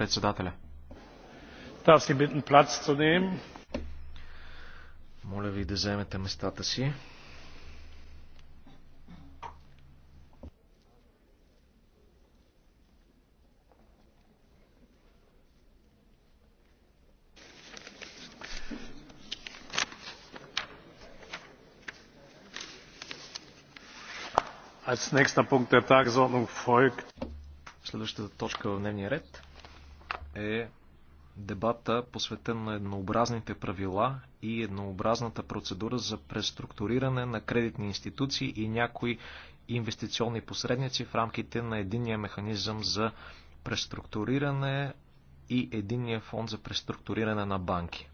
Председателя. Моля ви да вземете местата си. Следващата точка в дневния ред е дебата посветен на еднообразните правила и еднообразната процедура за преструктуриране на кредитни институции и някои инвестиционни посредници в рамките на единния механизъм за преструктуриране и единния фонд за преструктуриране на банки.